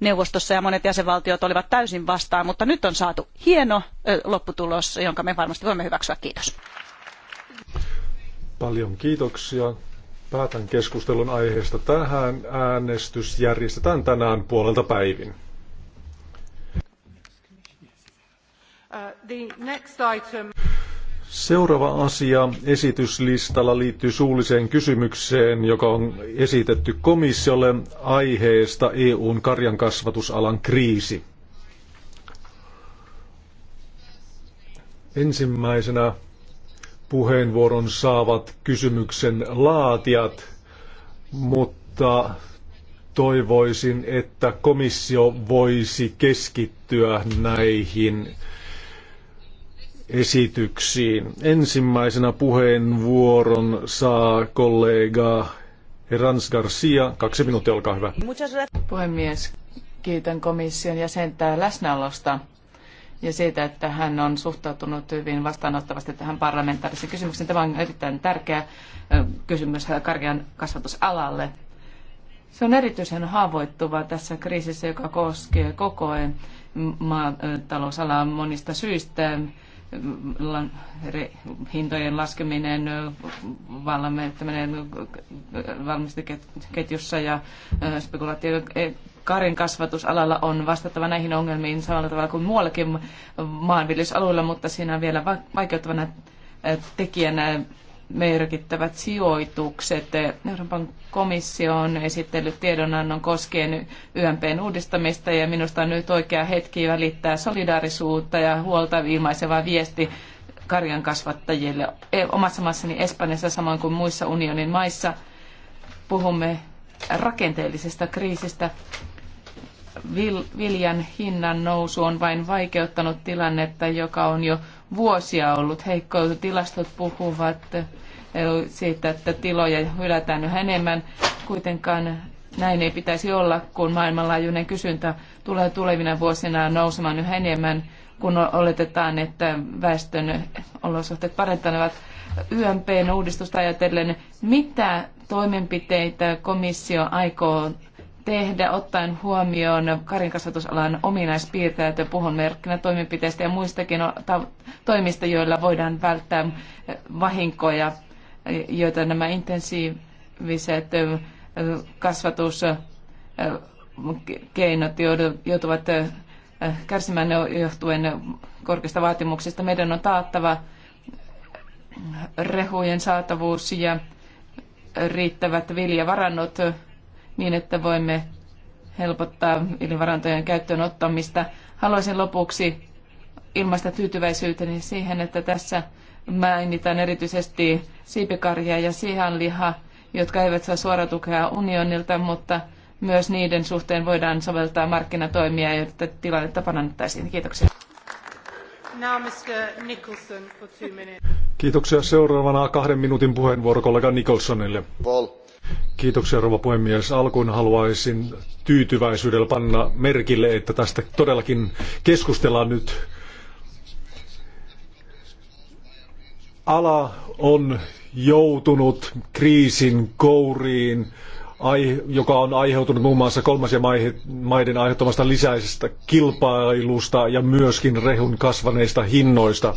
neuvostossa ja monet jäsenvaltiot olivat täysin vastaan, mutta nyt on saatu hieno lopputulos, jonka me varmasti voimme hyväksyä. Kiitos. Paljon kiitoksia. Päätän keskustelun aiheesta tähän. Äänestys järjestetään tänään puolelta päivin. Uh, Seuraava asia esityslistalla liittyy suulliseen kysymykseen, joka on esitetty komissiolle aiheesta EUn karjankasvatusalan kriisi. Ensimmäisenä puheenvuoron saavat kysymyksen laatijat, mutta toivoisin, että komissio voisi keskittyä näihin esityksiin. Ensimmäisenä puheenvuoron saa kollega Herans Garcia. Kaksi minuuttia, olkaa hyvä. Puhemies, kiitän komission jäsentää läsnäolosta ja siitä, että hän on suhtautunut hyvin vastaanottavasti tähän parlamentaariseen kysymykseen. Tämä on erittäin tärkeä kysymys karjan kasvatusalalle. Se on erityisen haavoittuva tässä kriisissä, joka koskee koko ajan maatalousalaa monista syistä hintojen laskeminen valmisteketjussa ja spekulaatio e, karin kasvatusalalla on vastattava näihin ongelmiin samalla tavalla kuin muuallakin maanviljelysalueilla, mutta siinä on vielä vaikeuttavana tekijänä merkittävät sijoitukset. Euroopan komissio on esitellyt tiedonannon koskien YMPn uudistamista ja minusta on nyt oikea hetki välittää solidaarisuutta ja huolta viimaiseva viesti karjan kasvattajille. E, omassa maassani Espanjassa samoin kuin muissa unionin maissa puhumme rakenteellisesta kriisistä. Viljan hinnan nousu on vain vaikeuttanut tilannetta, joka on jo vuosia ollut heikkoja Tilastot puhuvat eh, siitä, että tiloja hylätään yhä enemmän. Kuitenkaan näin ei pitäisi olla, kun maailmanlaajuinen kysyntä tulee tulevina vuosina nousemaan yhä enemmän, kun oletetaan, että väestön olosuhteet parantavat YMPn uudistusta ajatellen. Mitä toimenpiteitä komissio aikoo tehdä ottaen huomioon Karin kasvatusalan ominaispiirteet ja puhun merkkinätoimenpiteistä ja muistakin toimista, joilla voidaan välttää vahinkoja, joita nämä intensiiviset kasvatuskeinot joutuvat kärsimään johtuen korkeista vaatimuksista. Meidän on taattava rehujen saatavuus ja riittävät viljavarannot niin, että voimme helpottaa ylivarantojen käyttöön ottamista. Haluaisin lopuksi ilmaista tyytyväisyyteni siihen, että tässä mainitaan erityisesti siipikarja ja sianliha, jotka eivät saa suoratukea unionilta, mutta myös niiden suhteen voidaan soveltaa markkinatoimia, jotta tilannetta parannettaisiin. Kiitoksia. Now, Mr. Nicholson, for two minutes. Kiitoksia. Seuraavana kahden minuutin puheenvuoro kollega Nicholsonille. Paul. Kiitoksia rouva puhemies. Alkuun haluaisin tyytyväisyydellä panna merkille, että tästä todellakin keskustellaan nyt. Ala on joutunut kriisin kouriin, joka on aiheutunut muun muassa kolmansien maiden aiheuttamasta lisäisestä kilpailusta ja myöskin rehun kasvaneista hinnoista.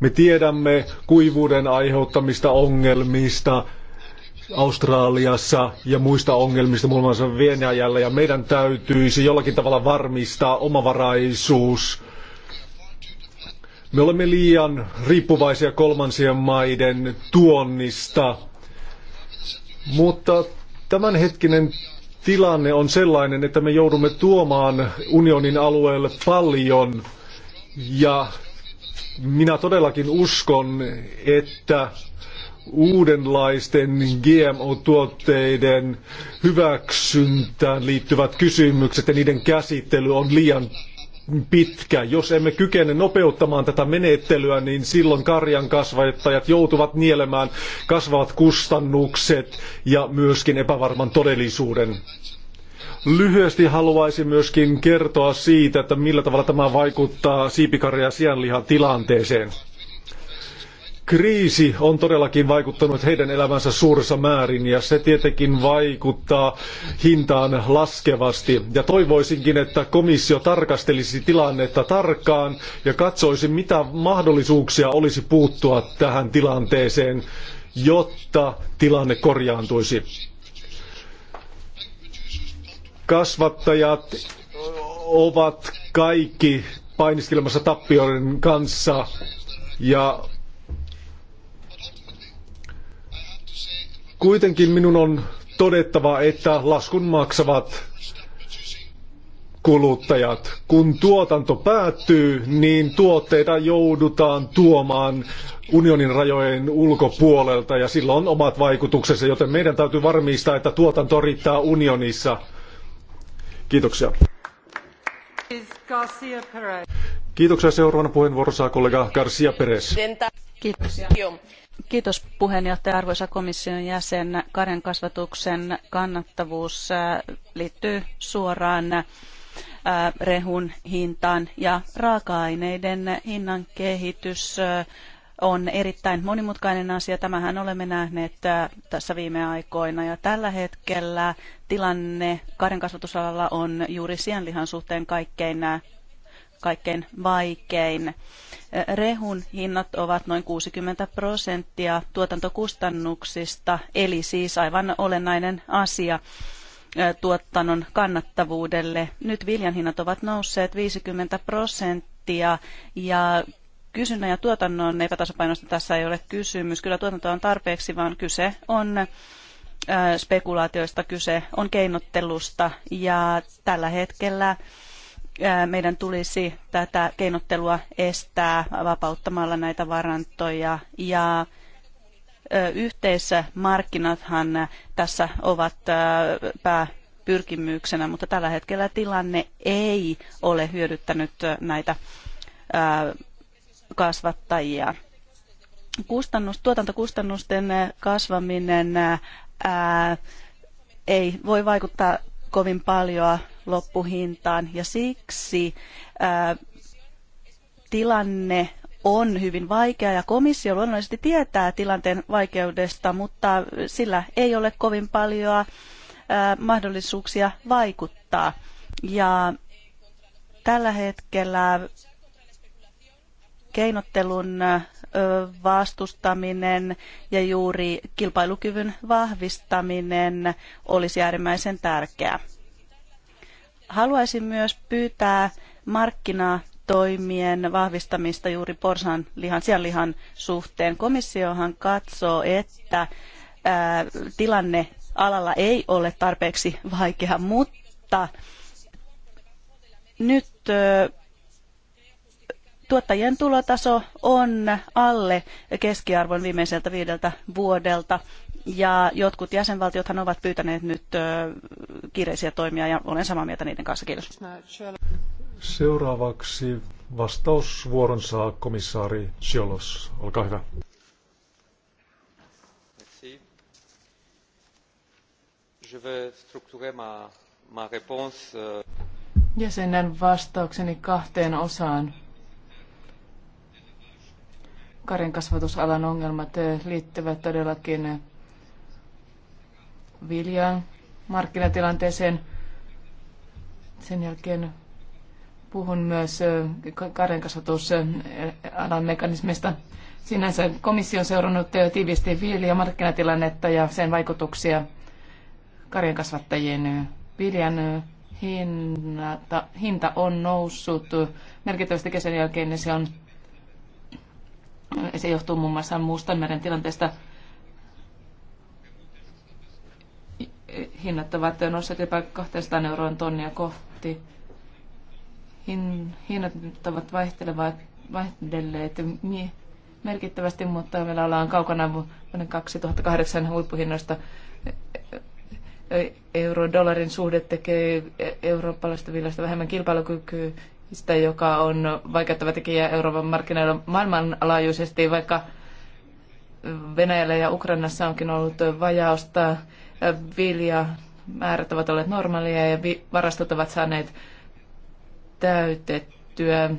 Me tiedämme kuivuuden aiheuttamista ongelmista, Australiassa ja muista ongelmista muun muassa Venäjällä ja meidän täytyisi jollakin tavalla varmistaa omavaraisuus. Me olemme liian riippuvaisia kolmansien maiden tuonnista, mutta tämänhetkinen tilanne on sellainen, että me joudumme tuomaan unionin alueelle paljon ja minä todellakin uskon, että uudenlaisten GMO-tuotteiden hyväksyntään liittyvät kysymykset ja niiden käsittely on liian pitkä. Jos emme kykene nopeuttamaan tätä menettelyä, niin silloin karjan kasvattajat joutuvat nielemään kasvavat kustannukset ja myöskin epävarman todellisuuden. Lyhyesti haluaisin myöskin kertoa siitä, että millä tavalla tämä vaikuttaa siipikarja ja sianlihan tilanteeseen kriisi on todellakin vaikuttanut heidän elämänsä suuressa määrin ja se tietenkin vaikuttaa hintaan laskevasti. Ja toivoisinkin, että komissio tarkastelisi tilannetta tarkkaan ja katsoisi, mitä mahdollisuuksia olisi puuttua tähän tilanteeseen, jotta tilanne korjaantuisi. Kasvattajat ovat kaikki painiskelemassa tappioiden kanssa ja Kuitenkin minun on todettava, että laskun maksavat kuluttajat. Kun tuotanto päättyy, niin tuotteita joudutaan tuomaan unionin rajojen ulkopuolelta ja sillä on omat vaikutuksensa, joten meidän täytyy varmistaa, että tuotanto riittää unionissa. Kiitoksia. Kiitoksia. Seuraavana puheenvuoro saa kollega Garcia Perez. Kiitoksia. Kiitos puheenjohtaja, arvoisa komission jäsen. Karjan kasvatuksen kannattavuus äh, liittyy suoraan äh, rehun hintaan ja raaka-aineiden hinnan kehitys äh, on erittäin monimutkainen asia. Tämähän olemme nähneet tässä viime aikoina ja tällä hetkellä tilanne karjan kasvatusalalla on juuri sianlihan suhteen kaikkein, kaikkein vaikein. Rehun hinnat ovat noin 60 prosenttia tuotantokustannuksista, eli siis aivan olennainen asia tuotannon kannattavuudelle. Nyt viljan hinnat ovat nousseet 50 prosenttia ja kysynnän ja tuotannon epätasapainosta tässä ei ole kysymys. Kyllä tuotanto on tarpeeksi, vaan kyse on spekulaatioista, kyse on keinottelusta ja tällä hetkellä meidän tulisi tätä keinottelua estää vapauttamalla näitä varantoja ja yhteismarkkinathan tässä ovat pääpyrkimyksenä, mutta tällä hetkellä tilanne ei ole hyödyttänyt näitä kasvattajia. Kustannus, tuotantokustannusten kasvaminen ää, ei voi vaikuttaa kovin paljon loppuhintaan ja siksi ää, tilanne on hyvin vaikea ja komissio luonnollisesti tietää tilanteen vaikeudesta, mutta sillä ei ole kovin paljon mahdollisuuksia vaikuttaa. Ja tällä hetkellä keinottelun vastustaminen ja juuri kilpailukyvyn vahvistaminen olisi äärimmäisen tärkeää. Haluaisin myös pyytää markkinatoimien vahvistamista juuri porsan lihan, sianlihan suhteen. Komissiohan katsoo, että ää, tilanne alalla ei ole tarpeeksi vaikea, mutta nyt tuottajien tulotaso on alle keskiarvon viimeiseltä viideltä vuodelta. Ja jotkut jäsenvaltiothan ovat pyytäneet nyt kiireisiä toimia ja olen samaa mieltä niiden kanssa. Kiitos. Seuraavaksi vastausvuoron saa komissaari Ciolos. Olkaa hyvä. Jäsenen euh. vastaukseni kahteen osaan. Karin kasvatusalan ongelmat eh, liittyvät todellakin viljaan markkinatilanteeseen. Sen jälkeen puhun myös eh, karin kasvatusalan mekanismista. Sinänsä komissio on seurannut eh, tiiviisti viljan markkinatilannetta ja sen vaikutuksia karin kasvattajien viljan hinta, hinta on noussut merkittävästi kesän jälkeen se on se johtuu muun muassa Mustanmeren tilanteesta. Hinnat ovat nousseet jopa 200 euroon tonnia kohti. Hinnat ovat vaihtelevat, vaihdelleet merkittävästi, mutta meillä ollaan kaukana vuoden 2008 huippuhinnoista euro-dollarin suhde tekee e-, eurooppalaista viljasta vähemmän kilpailukykyä sitä, joka on vaikeuttava tekijä Euroopan markkinoilla maailmanlaajuisesti, vaikka Venäjällä ja Ukrainassa onkin ollut vajausta. Vilja määrät ovat olleet normaalia ja varastot ovat saaneet täytettyä.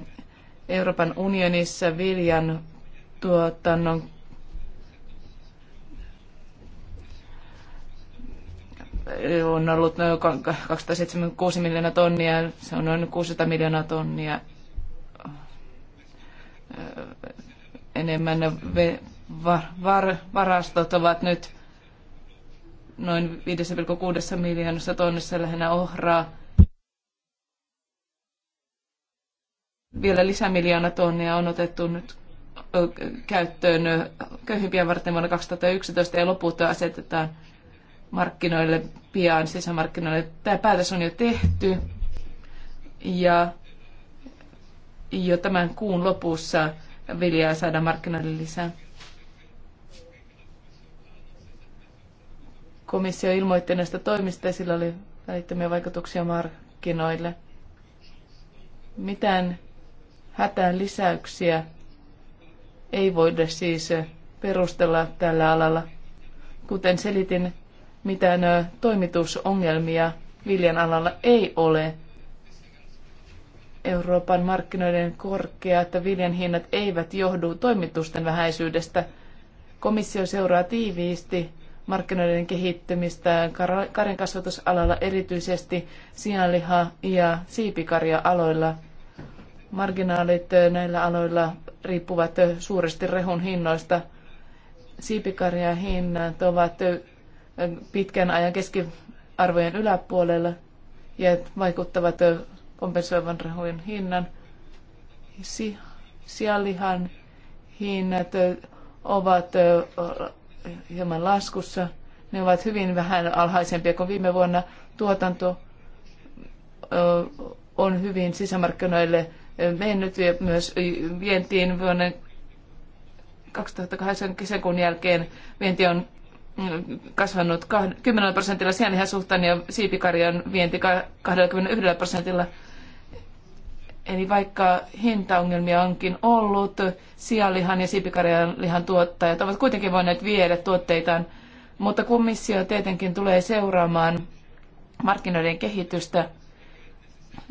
Euroopan unionissa viljan tuotannon on ollut noin 276 miljoonaa tonnia, se on noin 600 miljoonaa tonnia enemmän. varastot ovat nyt noin 5,6 miljoonassa tonnissa lähinnä ohraa. Vielä lisämiljoona tonnia on otettu nyt käyttöön köyhimpiä varten vuonna 2011 ja loput asetetaan – markkinoille pian sisämarkkinoille. Tämä päätös on jo tehty ja jo tämän kuun lopussa viljaa saadaan markkinoille lisää. Komissio ilmoitti näistä toimista ja sillä oli välittömiä vaikutuksia markkinoille. Mitään hätään lisäyksiä ei voida siis perustella tällä alalla. Kuten selitin, mitään toimitusongelmia viljan alalla ei ole. Euroopan markkinoiden korkeat viljan hinnat eivät johdu toimitusten vähäisyydestä. Komissio seuraa tiiviisti markkinoiden kehittymistä karjan kasvatusalalla erityisesti sianliha- ja siipikarja-aloilla. Marginaalit näillä aloilla riippuvat suuresti rehun hinnoista. Siipikarjan hinnat ovat pitkän ajan keskiarvojen yläpuolella ja vaikuttavat kompensoivan rahojen hinnan. Si- sialihan hinnat ovat hieman laskussa. Ne ovat hyvin vähän alhaisempia kuin viime vuonna. Tuotanto on hyvin sisämarkkinoille mennyt ja myös vientiin vuonna 2008 kesäkuun jälkeen vienti on kasvanut 10 prosentilla sianlihan suhteen ja siipikarjan vienti 21 prosentilla. Eli vaikka hintaongelmia onkin ollut, sianlihan ja siipikarjan lihan tuottajat ovat kuitenkin voineet viedä tuotteitaan, mutta komissio tietenkin tulee seuraamaan markkinoiden kehitystä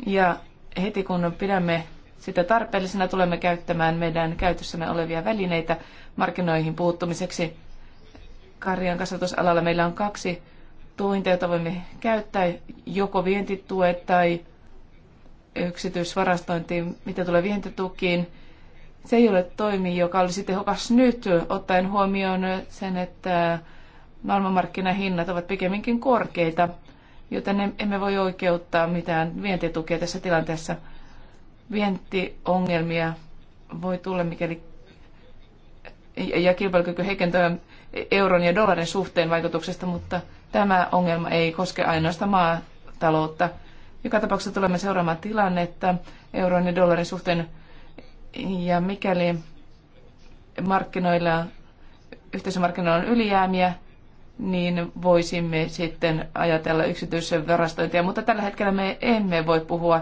ja heti kun pidämme sitä tarpeellisena, tulemme käyttämään meidän käytössämme olevia välineitä markkinoihin puuttumiseksi karjan kasvatusalalla meillä on kaksi tuinta, jota voimme käyttää, joko vientituet tai yksityisvarastointiin, mitä tulee vientitukiin. Se ei ole toimi, joka olisi tehokas nyt, ottaen huomioon sen, että maailmanmarkkinahinnat ovat pikemminkin korkeita, joten emme voi oikeuttaa mitään vientitukia tässä tilanteessa. Vientiongelmia voi tulla, mikäli ja kilpailukyky heikentävän euron ja dollarin suhteen vaikutuksesta, mutta tämä ongelma ei koske ainoastaan maataloutta. Joka tapauksessa tulemme seuraamaan tilannetta euron ja dollarin suhteen ja mikäli markkinoilla, yhteisömarkkinoilla on ylijäämiä, niin voisimme sitten ajatella yksityisen varastointia, mutta tällä hetkellä me emme voi puhua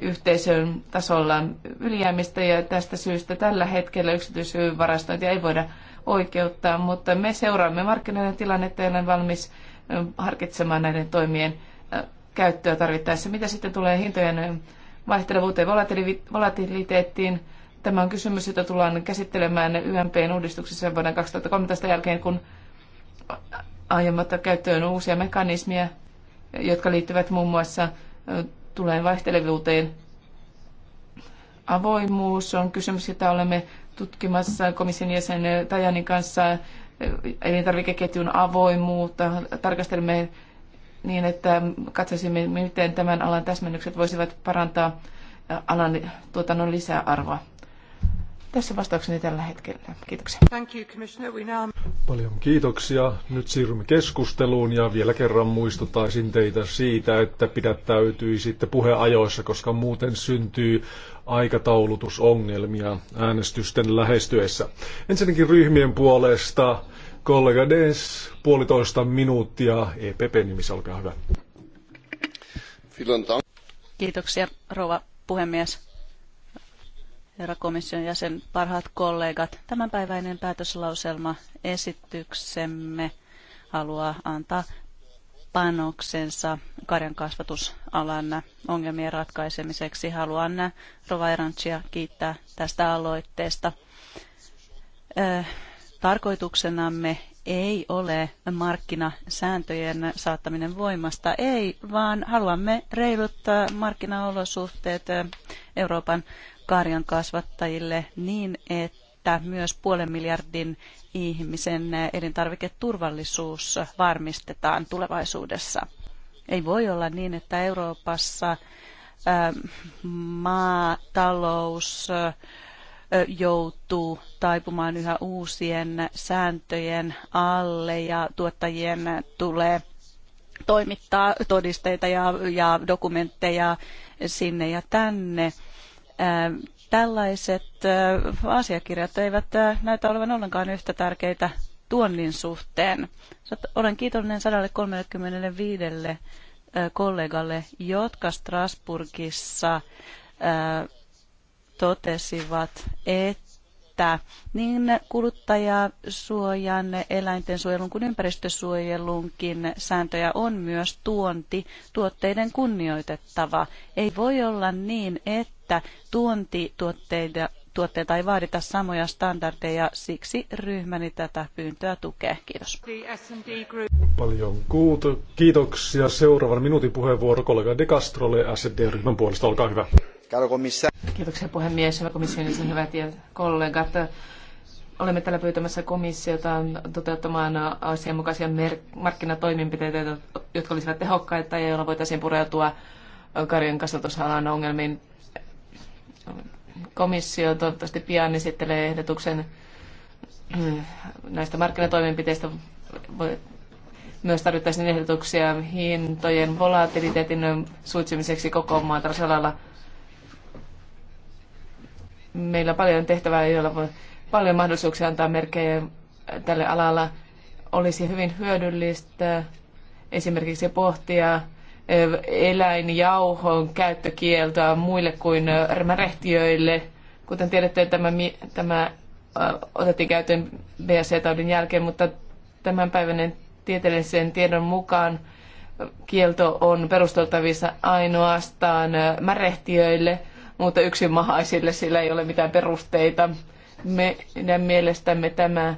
yhteisön tasolla ylijäämistä ja tästä syystä tällä hetkellä yksityisvarastointia ei voida oikeuttaa, mutta me seuraamme markkinoiden tilannetta ja olen valmis harkitsemaan näiden toimien käyttöä tarvittaessa. Mitä sitten tulee hintojen vaihtelevuuteen volatiliteettiin? Tämä on kysymys, jota tullaan käsittelemään YMPn uudistuksessa vuoden 2013 jälkeen, kun aiemmat käyttöön uusia mekanismia, jotka liittyvät muun muassa tulee vaihtelevuuteen. Avoimuus on kysymys, jota olemme tutkimassa komission jäsen Tajanin kanssa elintarvikeketjun avoimuutta. Tarkastelemme niin, että katsoisimme, miten tämän alan täsmennykset voisivat parantaa alan tuotannon lisäarvoa. Tässä vastaukseni tällä hetkellä. Kiitoksia. Thank you, Commissioner. We now... Paljon kiitoksia. Nyt siirrymme keskusteluun ja vielä kerran muistuttaisin teitä siitä, että pidättäytyi sitten puheajoissa, koska muuten syntyy aikataulutusongelmia äänestysten lähestyessä. Ensinnäkin ryhmien puolesta kollega Des, puolitoista minuuttia. EPP-nimissä, olkaa hyvä. Kiitoksia, rouva puhemies herra komission jäsen, parhaat kollegat. Tämänpäiväinen päätöslauselma esityksemme haluaa antaa panoksensa karjan kasvatusalan ongelmien ratkaisemiseksi. Haluan Rova Erancia kiittää tästä aloitteesta. Tarkoituksenamme ei ole markkinasääntöjen saattaminen voimasta, ei, vaan haluamme reilut markkinaolosuhteet Euroopan karjan kasvattajille niin, että myös puolen miljardin ihmisen elintarviketurvallisuus varmistetaan tulevaisuudessa. Ei voi olla niin, että Euroopassa ähm, maatalous äh, joutuu taipumaan yhä uusien sääntöjen alle ja tuottajien tulee toimittaa todisteita ja, ja dokumentteja sinne ja tänne. Tällaiset asiakirjat eivät näytä olevan ollenkaan yhtä tärkeitä tuonnin suhteen. Olen kiitollinen 135 kollegalle, jotka Strasburgissa totesivat, että niin kuluttajasuojan, eläinten suojelun kuin ympäristösuojelunkin sääntöjä on myös tuonti tuotteiden kunnioitettava. Ei voi olla niin, että että tuontituotteita tuotteita ei vaadita samoja standardeja, siksi ryhmäni tätä pyyntöä tukee. Kiitos. Paljon kuuto. kiitoksia. Seuraavan minuutin puheenvuoro kollega De Castrolle SD-ryhmän puolesta. Olkaa hyvä. Kiitoksia puhemies, hyvä komission hyvät ja kollegat. Olemme täällä pyytämässä komissiota toteuttamaan asianmukaisia markkinatoimenpiteitä, jotka olisivat tehokkaita ja joilla voitaisiin pureutua karjan kasvatusalan ongelmiin Komissio toivottavasti pian esittelee ehdotuksen mm, näistä markkinatoimenpiteistä. Myös tarvittaisiin ehdotuksia hintojen volatiliteetin suitsimiseksi koko maan Meillä on paljon tehtävää, joilla voi paljon mahdollisuuksia antaa merkkejä tälle alalla. Olisi hyvin hyödyllistä esimerkiksi pohtia eläinjauhon käyttökieltoa muille kuin rehtiöille. Kuten tiedätte, tämä, tämä otettiin käyttöön BSE-taudin jälkeen, mutta tämänpäiväinen tieteellisen tiedon mukaan kielto on perusteltavissa ainoastaan märehtiöille, mutta yksinmahaisille sillä ei ole mitään perusteita. Meidän mielestämme tämä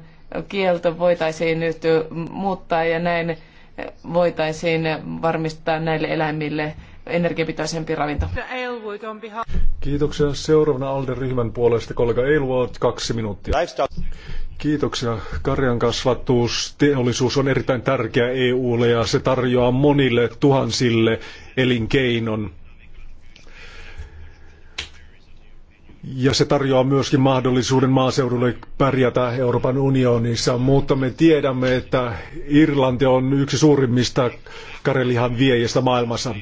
kielto voitaisiin nyt muuttaa ja näin voitaisiin varmistaa näille eläimille energiapitoisempi ravinto. Kiitoksia. Seuraavana Alden ryhmän puolesta kollega Aylward, kaksi minuuttia. Kiitoksia. Karjan kasvatus, teollisuus on erittäin tärkeä EUlle ja se tarjoaa monille tuhansille elinkeinon Ja se tarjoaa myöskin mahdollisuuden maaseudulle pärjätä Euroopan unionissa, mutta me tiedämme, että Irlanti on yksi suurimmista karelihan viejistä maailmassa.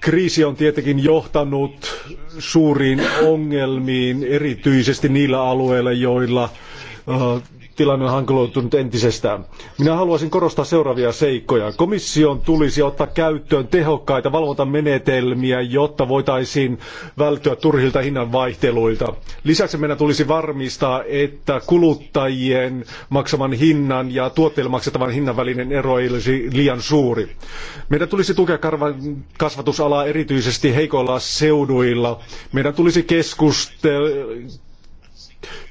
Kriisi on tietenkin johtanut suuriin ongelmiin, erityisesti niillä alueilla, joilla äh, tilanne on hankaloitunut entisestään. Minä haluaisin korostaa seuraavia seikkoja. Komission tulisi ottaa käyttöön tehokkaita valvontamenetelmiä, jotta voitaisiin välttyä turhilta hinnanvaihteluilta. Lisäksi meidän tulisi varmistaa, että kuluttajien maksaman hinnan ja tuotteille maksettavan hinnan välinen ero ei olisi liian suuri. Meidän tulisi tukea kasvatusalaa erityisesti heikoilla seuduilla. Meidän tulisi keskustella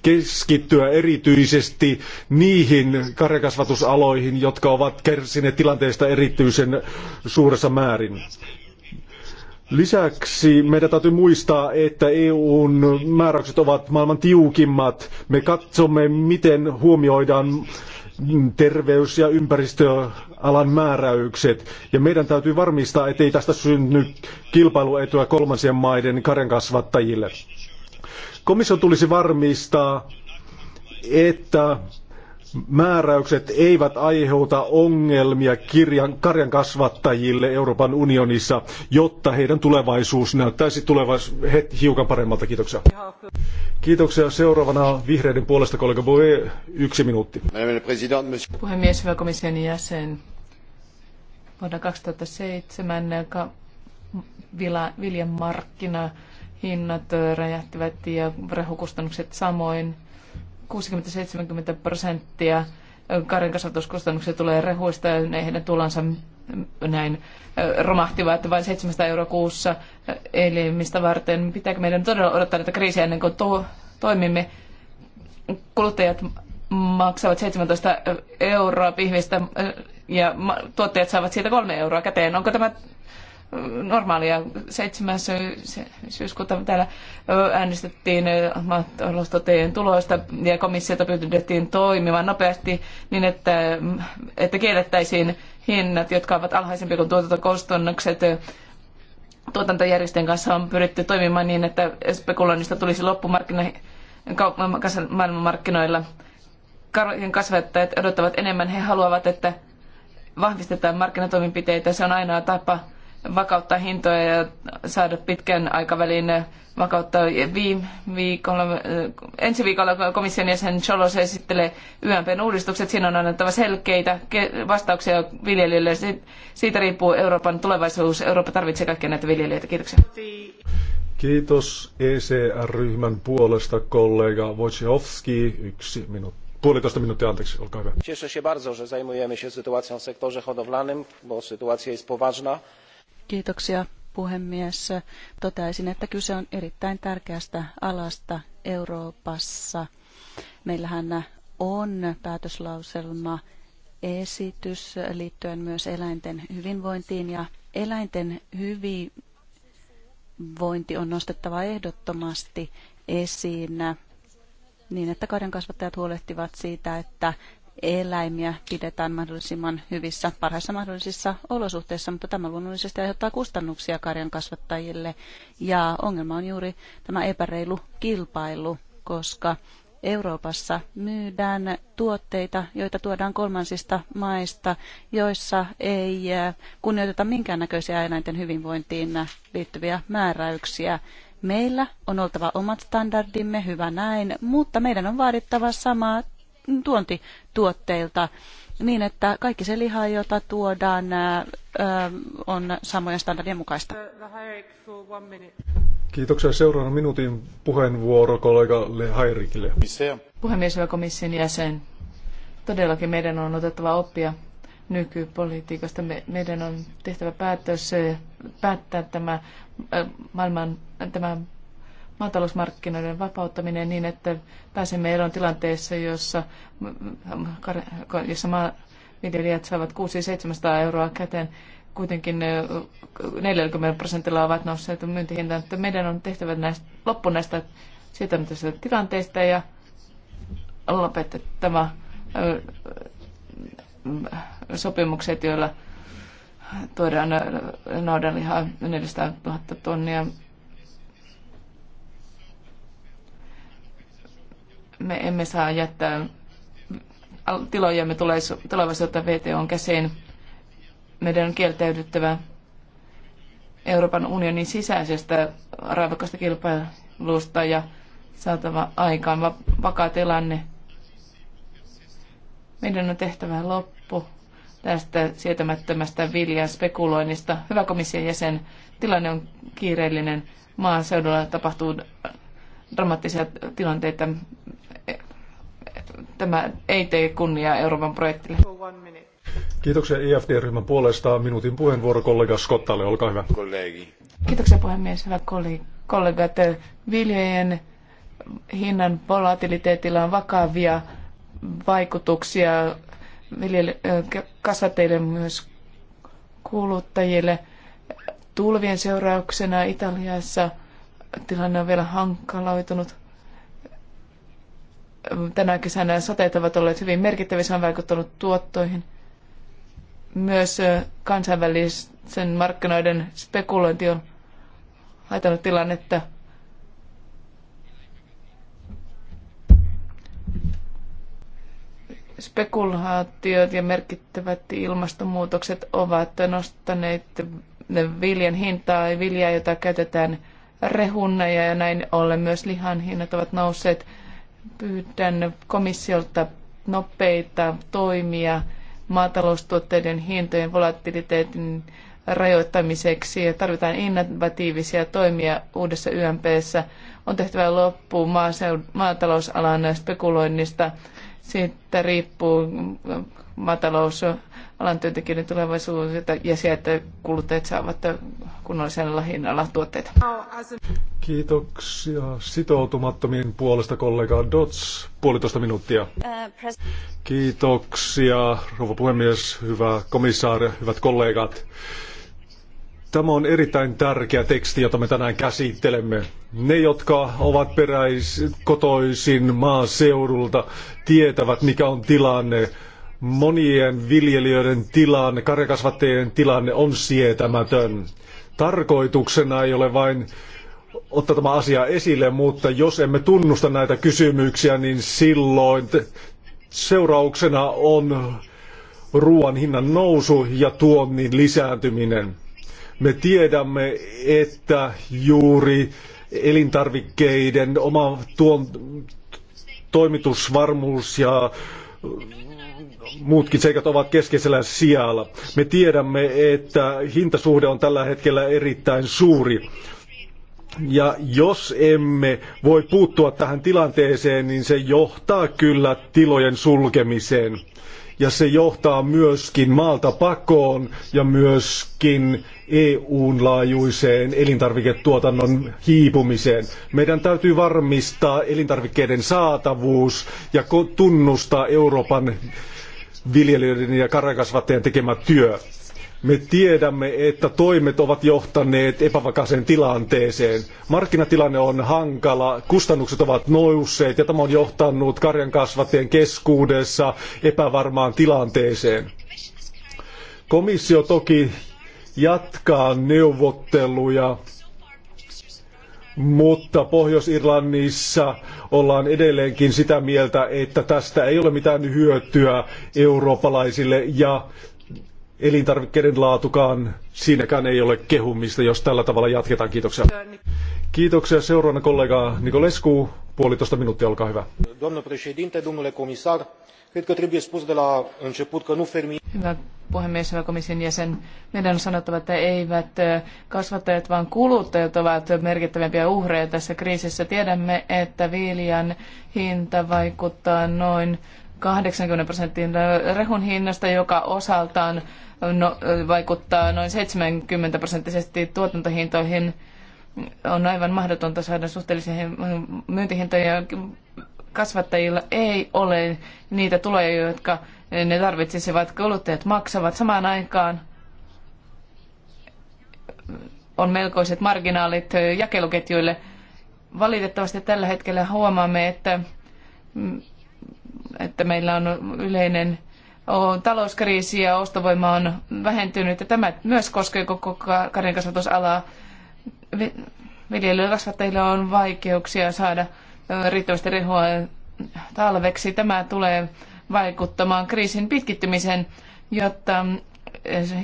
keskittyä erityisesti niihin karjakasvatusaloihin, jotka ovat kärsineet tilanteesta erityisen suuressa määrin. Lisäksi meidän täytyy muistaa, että EUn määräykset ovat maailman tiukimmat. Me katsomme, miten huomioidaan terveys- ja ympäristöalan määräykset. Ja meidän täytyy varmistaa, ettei tästä synny kilpailuetua kolmansien maiden karjankasvattajille. kasvattajille. Komissio tulisi varmistaa, että määräykset eivät aiheuta ongelmia kirjan, karjan kasvattajille Euroopan unionissa, jotta heidän tulevaisuus näyttäisi tulevais hiukan paremmalta. Kiitoksia. Kiitoksia. Seuraavana vihreiden puolesta kollega Boe, yksi minuutti. Puhemies, hyvä komission jäsen. Vuonna 2007 viljan markkina hinnat räjähtivät ja rehukustannukset samoin. 60-70 prosenttia karjan tulee rehuista ja heidän tulonsa näin romahtivat vain 700 euroa kuussa elimistä varten. Pitääkö meidän todella odottaa näitä kriisiä ennen kuin to- toimimme? Kuluttajat maksavat 17 euroa pihvistä ja tuottajat saavat siitä 3 euroa käteen. Onko tämä normaalia. 7. syyskuuta täällä äänestettiin maataloustuottajien tuloista ja komissiota pyydettiin toimimaan nopeasti niin, että, että kiellettäisiin hinnat, jotka ovat alhaisempi kuin tuotantokustannukset. Tuotantojärjestöjen kanssa on pyritty toimimaan niin, että spekuloinnista tulisi loppumarkkina maailmanmarkkinoilla. Karjen kasvattajat odottavat enemmän. He haluavat, että vahvistetaan markkinatoimenpiteitä. Se on ainoa tapa vakauttaa hintoja ja saada pitkän aikavälin vakauttaa. Viime viikolla, ensi viikolla komission jäsen Cholos esittelee YMPn uudistukset. Siinä on annettava selkeitä vastauksia viljelijöille. Siitä riippuu Euroopan tulevaisuus. Eurooppa tarvitsee kaikkia näitä viljelijöitä. Kiitoksia. Kiitos ECR-ryhmän puolesta kollega Wojciechowski. Yksi minuutti puolitoista minuuttia, anteeksi, olkaa hyvä. Cieszę się bardzo, że zajmujemy się sytuacją w sektorze hodowlanym, bo sytuacja jest poważna. Kiitoksia puhemies. Toteaisin, että kyse on erittäin tärkeästä alasta Euroopassa. Meillähän on päätöslauselma esitys liittyen myös eläinten hyvinvointiin ja eläinten hyvinvointi on nostettava ehdottomasti esiin niin, että karjankasvattajat huolehtivat siitä, että eläimiä pidetään mahdollisimman hyvissä, parhaissa mahdollisissa olosuhteissa, mutta tämä luonnollisesti aiheuttaa kustannuksia karjan kasvattajille. Ja ongelma on juuri tämä epäreilu kilpailu, koska Euroopassa myydään tuotteita, joita tuodaan kolmansista maista, joissa ei eh, kunnioiteta minkäännäköisiä eläinten hyvinvointiin liittyviä määräyksiä. Meillä on oltava omat standardimme, hyvä näin, mutta meidän on vaadittava samat tuontituotteilta niin, että kaikki se liha, jota tuodaan, on samojen standardien mukaista. Kiitoksia. Seuraavan minuutin puheenvuoro kollega Le Hairikille. Puhemies ja komission jäsen. Todellakin meidän on otettava oppia nykypolitiikasta. Me, meidän on tehtävä päätös päättää tämä, maailman, tämä maatalousmarkkinoiden vapauttaminen niin, että pääsemme eroon tilanteessa, jossa, jossa maanviljelijät saavat 600-700 euroa käteen. Kuitenkin 40 prosentilla ovat nousseet myyntihintaan. Meidän on tehtävä näistä, loppu näistä sietämättömistä tilanteista ja lopetettava sopimukset, joilla tuodaan naudanlihaa 400 000 tonnia me emme saa jättää tilojamme tulevaisuutta VTOn käsiin. Meidän on kieltäydyttävä Euroopan unionin sisäisestä raivokasta kilpailusta ja saatava aikaan vakaa tilanne. Meidän on tehtävä loppu tästä sietämättömästä viljan spekuloinnista. Hyvä komission jäsen, tilanne on kiireellinen. Maaseudulla tapahtuu dramaattisia tilanteita. Tämä ei tee kunniaa Euroopan projektille. Kiitoksia EFD-ryhmän puolesta. Minuutin puheenvuoro kollega Skottalle, olkaa hyvä. Kollegi. Kiitoksia puhemies, hyvät kollegat. Viljojen hinnan volatiliteetilla on vakavia vaikutuksia kasvateille myös kuluttajille. Tulvien seurauksena Italiassa tilanne on vielä hankaloitunut Tänä kesänä sateet ovat olleet hyvin merkittäviä, se on vaikuttanut tuottoihin. Myös kansainvälisen markkinoiden spekulointi on haitannut tilannetta. Spekulaatiot ja merkittävät ilmastonmuutokset ovat nostaneet viljan hintaa ja viljaa, jota käytetään rehunna ja näin ollen myös lihan hinnat ovat nousseet. Pyydän komissiolta nopeita toimia maataloustuotteiden hintojen volatiliteetin rajoittamiseksi ja tarvitaan innovatiivisia toimia uudessa YMPssä. On tehtävä loppu maatalousalan spekuloinnista. Siitä riippuu maatalous mm, alan työntekijöiden tulevaisuus ja se, että kuluttajat saavat kunnollisella hinnalla tuotteita. Kiitoksia sitoutumattomien puolesta kollega Dots, puolitoista minuuttia. Kiitoksia, rouva puhemies, hyvä komissaari, hyvät kollegat. Tämä on erittäin tärkeä teksti, jota me tänään käsittelemme. Ne, jotka ovat peräis, kotoisin maaseudulta, tietävät, mikä on tilanne Monien viljelijöiden tilanne, karjakasvattajien tilanne on sietämätön. Tarkoituksena ei ole vain ottaa tämä asia esille, mutta jos emme tunnusta näitä kysymyksiä, niin silloin seurauksena on ruoan hinnan nousu ja tuonnin lisääntyminen. Me tiedämme, että juuri elintarvikkeiden oma tuon, toimitusvarmuus ja muutkin seikat ovat keskeisellä sijalla. Me tiedämme, että hintasuhde on tällä hetkellä erittäin suuri. Ja jos emme voi puuttua tähän tilanteeseen, niin se johtaa kyllä tilojen sulkemiseen. Ja se johtaa myöskin maalta pakoon ja myöskin EUn laajuiseen elintarviketuotannon hiipumiseen. Meidän täytyy varmistaa elintarvikkeiden saatavuus ja tunnustaa Euroopan viljelijöiden ja karjakasvattajien tekemä työ. Me tiedämme, että toimet ovat johtaneet epävakaiseen tilanteeseen. Markkinatilanne on hankala, kustannukset ovat nousseet ja tämä on johtanut karjankasvattajien keskuudessa epävarmaan tilanteeseen. Komissio toki jatkaa neuvotteluja mutta Pohjois-Irlannissa ollaan edelleenkin sitä mieltä, että tästä ei ole mitään hyötyä eurooppalaisille ja elintarvikkeiden laatukaan, siinäkään ei ole kehumista, jos tällä tavalla jatketaan. Kiitoksia. Kiitoksia seuraavana kollega Nikolescu. Puolitoista minuuttia, olkaa hyvä. Hyvä puhemies, ja komission jäsen. Meidän on sanottava, että eivät kasvattajat, vaan kuluttajat ovat merkittävämpiä uhreja tässä kriisissä. Tiedämme, että viljan hinta vaikuttaa noin 80 prosenttiin rehun hinnasta, joka osaltaan no, vaikuttaa noin 70 prosenttisesti tuotantohintoihin. On aivan mahdotonta saada suhteellisia myyntihintoja. Kasvattajilla ei ole niitä tuloja, jotka ne tarvitsisivat, kuluttajat maksavat samaan aikaan. On melkoiset marginaalit jakeluketjuille. Valitettavasti tällä hetkellä huomaamme, että, että meillä on yleinen talouskriisi ja ostovoima on vähentynyt. Ja tämä myös koskee koko karjankasvatusalaa. Viljelijöillä kasvattajilla on vaikeuksia saada riittävästi rehua talveksi. Tämä tulee vaikuttamaan kriisin pitkittymiseen, jotta mm,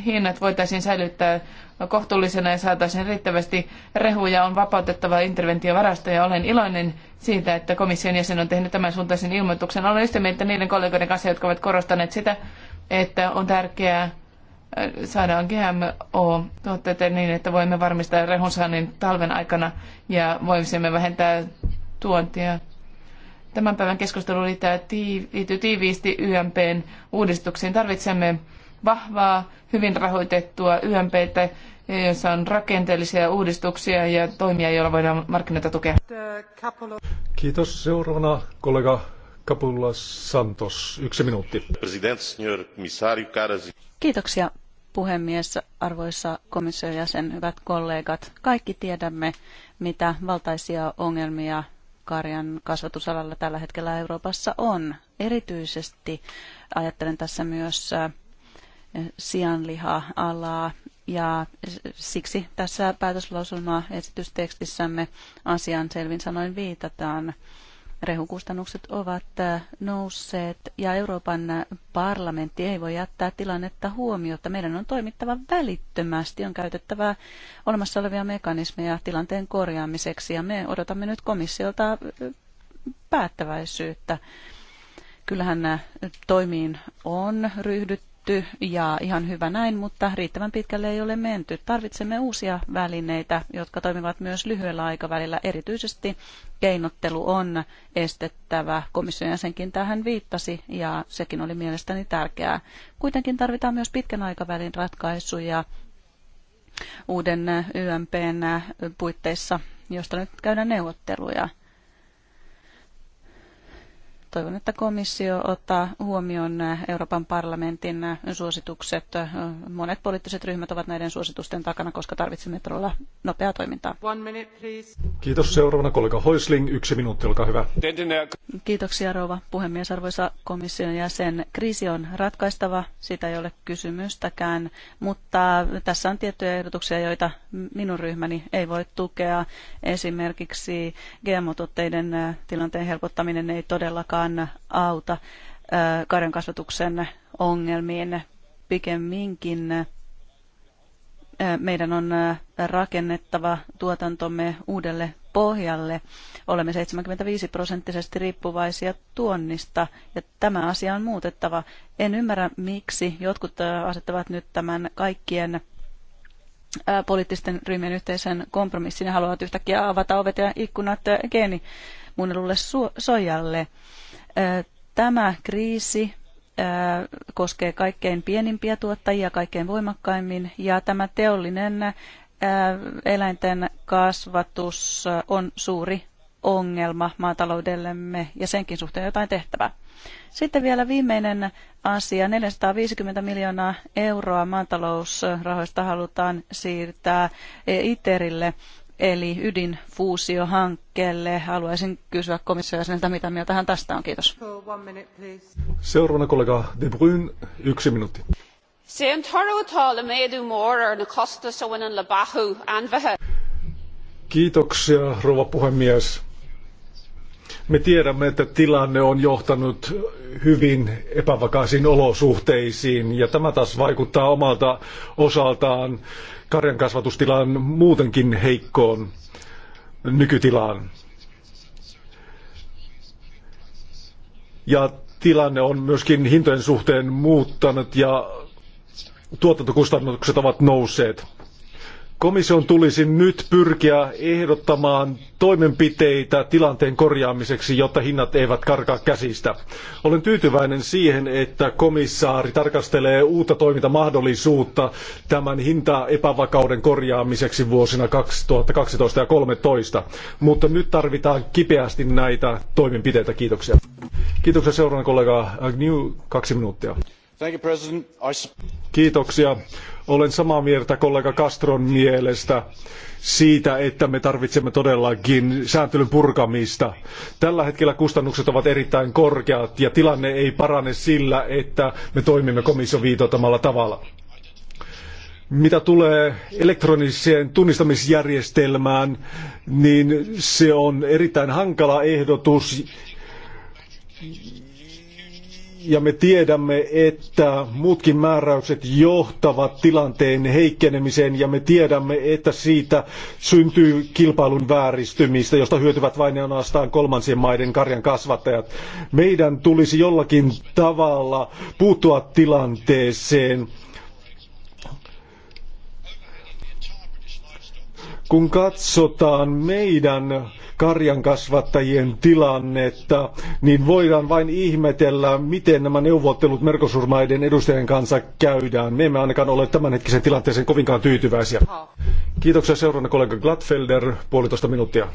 hinnat voitaisiin säilyttää kohtuullisena ja saataisiin riittävästi rehuja, on vapautettava interventiovarastoja. Olen iloinen siitä, että komission jäsen on tehnyt tämän suuntaisen ilmoituksen. Olen yhtä mieltä niiden kollegoiden kanssa, jotka ovat korostaneet sitä, että on tärkeää äh, saada GMO-tuotteita niin, että voimme varmistaa rehunsaannin talven aikana ja voisimme vähentää tuontia Tämän päivän keskustelu liittyy tiiviisti YMPn uudistuksiin. Tarvitsemme vahvaa, hyvin rahoitettua YMPtä, jossa on rakenteellisia uudistuksia ja toimia, joilla voidaan markkinoita tukea. Kiitos. Seuraavana kollega Kapula Santos. Yksi minuutti. E- Kiitoksia puhemies, arvoisa komission jäsen, hyvät kollegat. Kaikki tiedämme, mitä valtaisia ongelmia karjan kasvatusalalla tällä hetkellä Euroopassa on. Erityisesti ajattelen tässä myös äh, sianliha-alaa ja siksi tässä päätöslausuma esitystekstissämme asian selvin sanoin viitataan. Rehukustannukset ovat äh, nousseet ja Euroopan parlamentti ei voi jättää tilannetta huomiota. Meidän on toimittava välittömästi, on käytettävä olemassa olevia mekanismeja tilanteen korjaamiseksi ja me odotamme nyt komissiolta äh, päättäväisyyttä. Kyllähän äh, toimiin on ryhdytty menty ja ihan hyvä näin, mutta riittävän pitkälle ei ole menty. Tarvitsemme uusia välineitä, jotka toimivat myös lyhyellä aikavälillä. Erityisesti keinottelu on estettävä. Komission jäsenkin tähän viittasi ja sekin oli mielestäni tärkeää. Kuitenkin tarvitaan myös pitkän aikavälin ratkaisuja uuden YMPn puitteissa, josta nyt käydään neuvotteluja – Toivon, että komissio ottaa huomioon Euroopan parlamentin suositukset. Monet poliittiset ryhmät ovat näiden suositusten takana, koska tarvitsemme todella nopeaa toimintaa. Kiitos. Seuraavana kollega Hoisling. Yksi minuutti, olkaa hyvä. Kiitoksia rouva puhemies, arvoisa komission jäsen. Kriisi on ratkaistava, sitä ei ole kysymystäkään, mutta tässä on tiettyjä ehdotuksia, joita minun ryhmäni ei voi tukea. Esimerkiksi GMO-tuotteiden äh, tilanteen helpottaminen ei todellakaan kuitenkaan auta karjan kasvatuksen ongelmiin. Pikemminkin meidän on rakennettava tuotantomme uudelle pohjalle. Olemme 75 prosenttisesti riippuvaisia tuonnista ja tämä asia on muutettava. En ymmärrä, miksi jotkut asettavat nyt tämän kaikkien poliittisten ryhmien yhteisen kompromissin ja haluavat yhtäkkiä avata ovet ja ikkunat geenimuunnelulle sojalle. Tämä kriisi koskee kaikkein pienimpiä tuottajia kaikkein voimakkaimmin ja tämä teollinen eläinten kasvatus on suuri ongelma maataloudellemme ja senkin suhteen jotain tehtävää. Sitten vielä viimeinen asia. 450 miljoonaa euroa maatalousrahoista halutaan siirtää ITERille eli ydinfuusiohankkeelle. Haluaisin kysyä jäseneltä, mitä mieltä hän tästä on. Kiitos. Seuraavana kollega De Bruyn yksi minuutti. meidän Kiitoksia, rouva puhemies. Me tiedämme, että tilanne on johtanut hyvin epävakaisiin olosuhteisiin ja tämä taas vaikuttaa omalta osaltaan karjan muutenkin heikkoon nykytilaan. Ja tilanne on myöskin hintojen suhteen muuttanut ja tuotantokustannukset ovat nousseet. Komission tulisi nyt pyrkiä ehdottamaan toimenpiteitä tilanteen korjaamiseksi, jotta hinnat eivät karkaa käsistä. Olen tyytyväinen siihen, että komissaari tarkastelee uutta toimintamahdollisuutta tämän hinta epävakauden korjaamiseksi vuosina 2012 ja 2013. Mutta nyt tarvitaan kipeästi näitä toimenpiteitä. Kiitoksia. Kiitoksia seuraavan kollega Agnew. Kaksi minuuttia. Kiitoksia. Olen samaa mieltä kollega Castron mielestä siitä, että me tarvitsemme todellakin sääntelyn purkamista. Tällä hetkellä kustannukset ovat erittäin korkeat ja tilanne ei parane sillä, että me toimimme komission viitoittamalla tavalla. Mitä tulee elektroniseen tunnistamisjärjestelmään, niin se on erittäin hankala ehdotus ja me tiedämme, että muutkin määräykset johtavat tilanteen heikkenemiseen ja me tiedämme, että siitä syntyy kilpailun vääristymistä, josta hyötyvät vain ja ainoastaan kolmansien maiden karjan kasvattajat. Meidän tulisi jollakin tavalla puuttua tilanteeseen. Kun katsotaan meidän karjankasvattajien tilannetta, niin voidaan vain ihmetellä, miten nämä neuvottelut Merkosurmaiden edustajien kanssa käydään. Me emme ainakaan ole tämänhetkisen tilanteeseen kovinkaan tyytyväisiä. Kiitoksia seurana kollega Gladfelder, puolitoista minuuttia.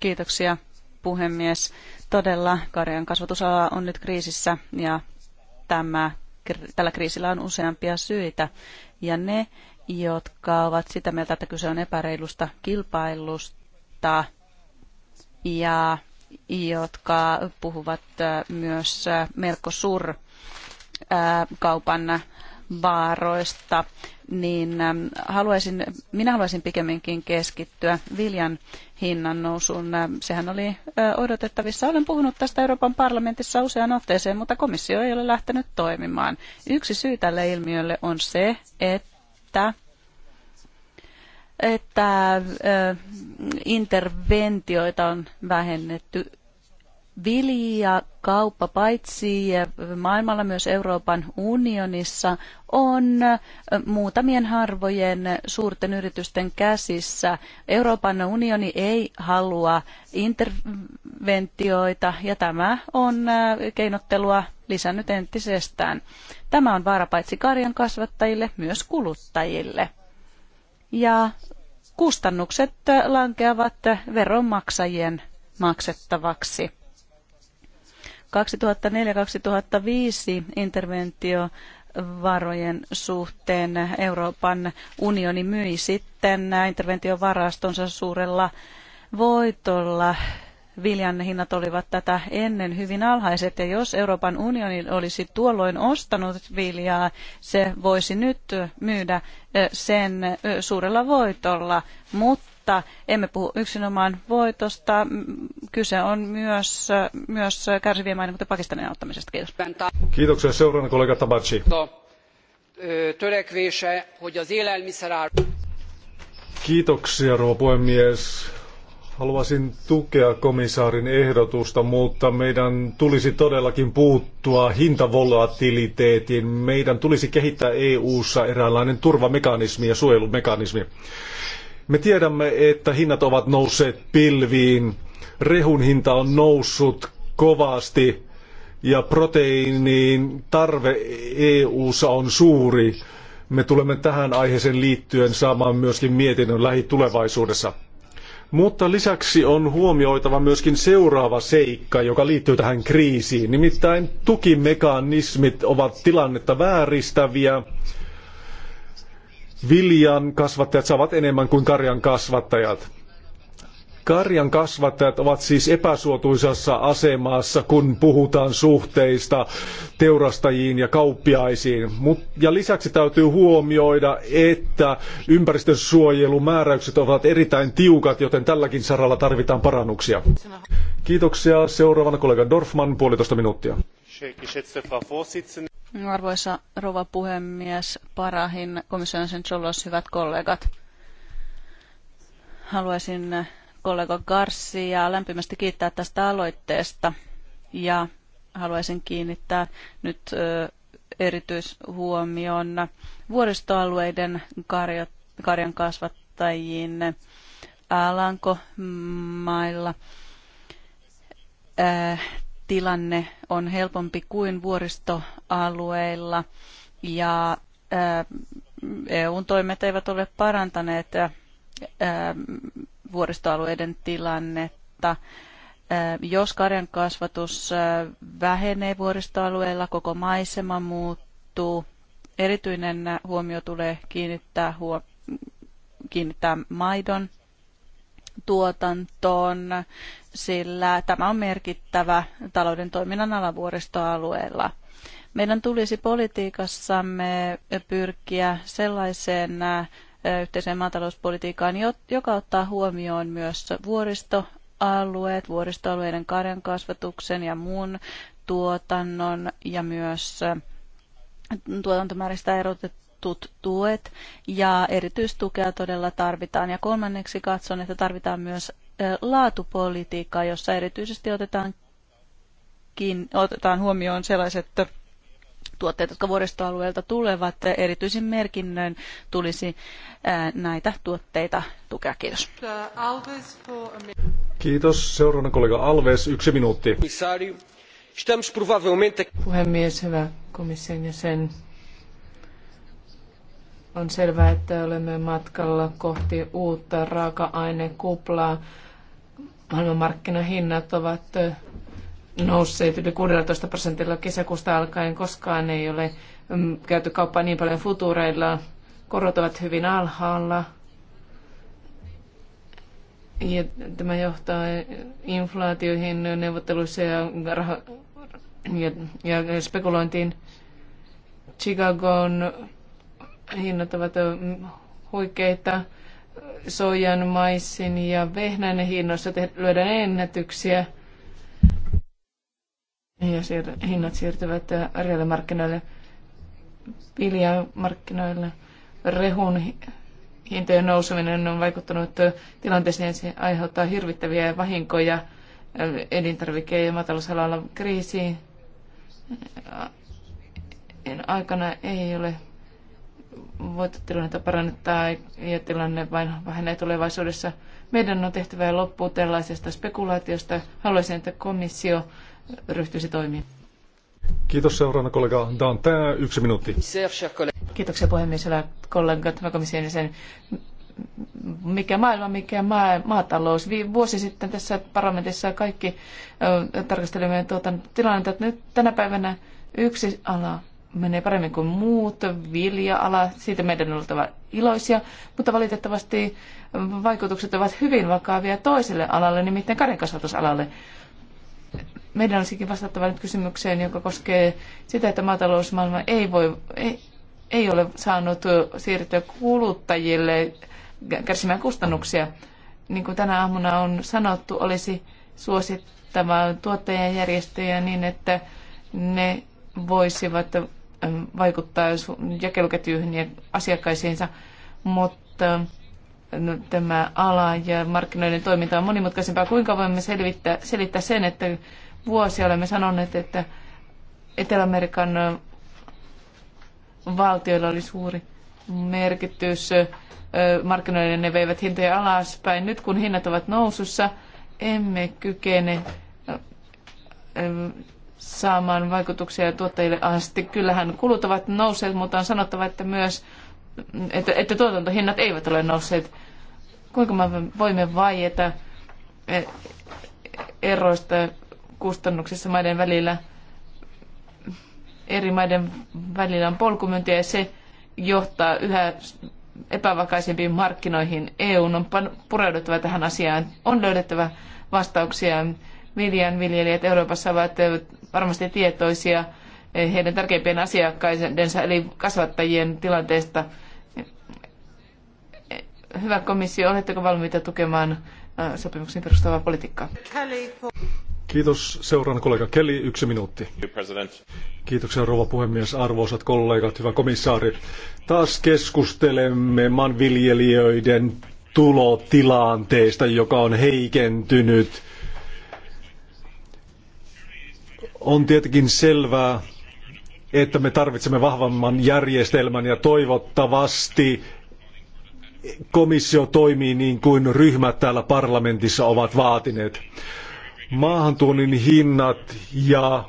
Kiitoksia puhemies. Todella karjan kasvatusala on nyt kriisissä ja tämä, tällä kriisillä on useampia syitä. Ja ne, jotka ovat sitä mieltä, että kyse on epäreilusta kilpailusta ja jotka puhuvat myös Mercosur-kaupan vaaroista, niin haluaisin, minä haluaisin pikemminkin keskittyä viljan hinnan nousuun. Sehän oli odotettavissa. Olen puhunut tästä Euroopan parlamentissa useaan otteeseen, mutta komissio ei ole lähtenyt toimimaan. Yksi syy tälle ilmiölle on se, että että interventioita on vähennetty. Vilja kauppa paitsi maailmalla myös Euroopan unionissa on muutamien harvojen suurten yritysten käsissä. Euroopan unioni ei halua interventioita ja tämä on keinottelua lisännyt entisestään. Tämä on vaara paitsi karjan kasvattajille myös kuluttajille ja kustannukset lankeavat veronmaksajien maksettavaksi. 2004-2005 interventio varojen suhteen Euroopan unioni myi sitten interventiovarastonsa suurella voitolla viljan hinnat olivat tätä ennen hyvin alhaiset ja jos Euroopan unioni olisi tuolloin ostanut viljaa, se voisi nyt myydä sen suurella voitolla, mutta emme puhu yksinomaan voitosta. Kyse on myös, myös kärsivien maiden, kuten Pakistanin auttamisesta. Kiitos. Kiitoksia. Seuraavana kollega Tabaci. Kiitoksia, rouva puhemies Haluaisin tukea komissaarin ehdotusta, mutta meidän tulisi todellakin puuttua hintavolatiliteetiin. Meidän tulisi kehittää EU-ssa eräänlainen turvamekanismi ja suojelumekanismi. Me tiedämme, että hinnat ovat nousseet pilviin, rehun hinta on noussut kovasti ja proteiinin tarve EU:ssa on suuri. Me tulemme tähän aiheeseen liittyen saamaan myöskin mietinnön lähitulevaisuudessa. Mutta lisäksi on huomioitava myöskin seuraava seikka, joka liittyy tähän kriisiin. Nimittäin tukimekanismit ovat tilannetta vääristäviä. Viljan kasvattajat saavat enemmän kuin karjan kasvattajat. Karjan kasvattajat ovat siis epäsuotuisassa asemassa, kun puhutaan suhteista teurastajiin ja kauppiaisiin. ja lisäksi täytyy huomioida, että ympäristönsuojelumääräykset ovat erittäin tiukat, joten tälläkin saralla tarvitaan parannuksia. Kiitoksia. Seuraavana kollega Dorfman, puolitoista minuuttia. Arvoisa rouva puhemies, Parahin, komission sen hyvät kollegat. Haluaisin kollega Garcia lämpimästi kiittää tästä aloitteesta ja haluaisin kiinnittää nyt erityishuomion vuoristoalueiden karjan kasvattajiin Alankomailla. Tilanne on helpompi kuin vuoristoalueilla ja EUn toimet eivät ole parantaneet vuoristoalueiden tilannetta. Jos karjan kasvatus vähenee vuoristoalueilla, koko maisema muuttuu. Erityinen huomio tulee kiinnittää, huo, kiinnittää maidon tuotantoon, sillä tämä on merkittävä talouden toiminnan alavuoristoalueella. Meidän tulisi politiikassamme pyrkiä sellaiseen yhteiseen maatalouspolitiikkaan, joka ottaa huomioon myös vuoristoalueet, vuoristoalueiden karjankasvatuksen ja muun tuotannon ja myös tuotantomääristä erotettu tuet ja erityistukea todella tarvitaan. Ja kolmanneksi katson, että tarvitaan myös laatupolitiikkaa, jossa erityisesti otetaan, otetaan huomioon sellaiset tuotteet, jotka vuoristoalueelta tulevat, erityisin merkinnöin tulisi näitä tuotteita tukea. Kiitos. Kiitos. Seuraavana kollega Alves, yksi minuutti. Puhemies, hyvä komission jäsen. On selvää, että olemme matkalla kohti uutta raaka-ainekuplaa. Maailmanmarkkinahinnat ovat nousseet yli 16 prosentilla kesäkuusta alkaen. Koskaan ei ole mm, käyty kauppaa niin paljon futureilla. Korot ovat hyvin alhaalla. Ja tämä johtaa inflaatioihin, neuvotteluissa ja, raho- ja, ja spekulointiin. Chicagon hinnat ovat mm, huikeita. Soijan, maissin ja vehnän hinnoissa te- lyödään ennätyksiä – siir- hinnat siirtyvät äh, markkinoille, viljamarkkinoille, rehun hintojen nouseminen on vaikuttanut äh, tilanteeseen ja se aiheuttaa hirvittäviä vahinkoja äh, elintarvike- ja matalousalalla kriisiin. Aikana ei ole voitu tilannetta parannettaa ja tilanne vain vähenee tulevaisuudessa. Meidän on tehtävä loppu tällaisesta spekulaatiosta. Haluaisin, että komissio ryhtyisi toimiin. Kiitos seuraavana kollega Dantää. Yksi minuutti. Kiitoksia puhemies, Hyvä kollegat, tämä komission sen mikä maailma, mikä maa, maatalous. Vuosi sitten tässä parlamentissa kaikki ö, tarkastelimme tuota, tilannetta, että nyt tänä päivänä yksi ala menee paremmin kuin muut, vilja-ala, siitä meidän on oltava iloisia, mutta valitettavasti vaikutukset ovat hyvin vakavia toiselle alalle, nimittäin karjankasvatusalalle meidän olisikin vastattava nyt kysymykseen, joka koskee sitä, että maatalousmaailma ei, voi, ei, ei ole saanut siirtyä kuluttajille kärsimään kustannuksia. Niin kuin tänä aamuna on sanottu, olisi suosittava tuottajien järjestöjä niin, että ne voisivat ähm, vaikuttaa jakeluketjuihin ja asiakkaisiinsa, mutta ähm, no, tämä ala ja markkinoiden toiminta on monimutkaisempaa. Kuinka voimme selvittää, selittää sen, että vuosia olemme sanoneet, että Etelä-Amerikan valtioilla oli suuri merkitys. Markkinoiden ne veivät hintoja alaspäin. Nyt kun hinnat ovat nousussa, emme kykene saamaan vaikutuksia tuottajille asti. Kyllähän kulut ovat nousseet, mutta on sanottava, että myös että, että tuotantohinnat eivät ole nousseet. Kuinka me voimme vaieta eroista kustannuksissa maiden välillä, eri maiden välillä on polkumyyntiä ja se johtaa yhä epävakaisempiin markkinoihin. EU on pureuduttava tähän asiaan, on löydettävä vastauksia. Viljan viljelijät Euroopassa ovat eh, varmasti tietoisia eh, heidän tärkeimpien asiakkaidensa eli kasvattajien tilanteesta. Hyvä komissio, oletteko valmiita tukemaan eh, sopimuksen perustavaa politiikkaa? Kiitos seuraan kollega Kelly, yksi minuutti. Kiitoksia rouva puhemies, arvoisat kollegat, hyvä komissaari. Taas keskustelemme maanviljelijöiden tulotilanteesta, joka on heikentynyt. On tietenkin selvää, että me tarvitsemme vahvamman järjestelmän ja toivottavasti komissio toimii niin kuin ryhmät täällä parlamentissa ovat vaatineet maahantuonnin hinnat ja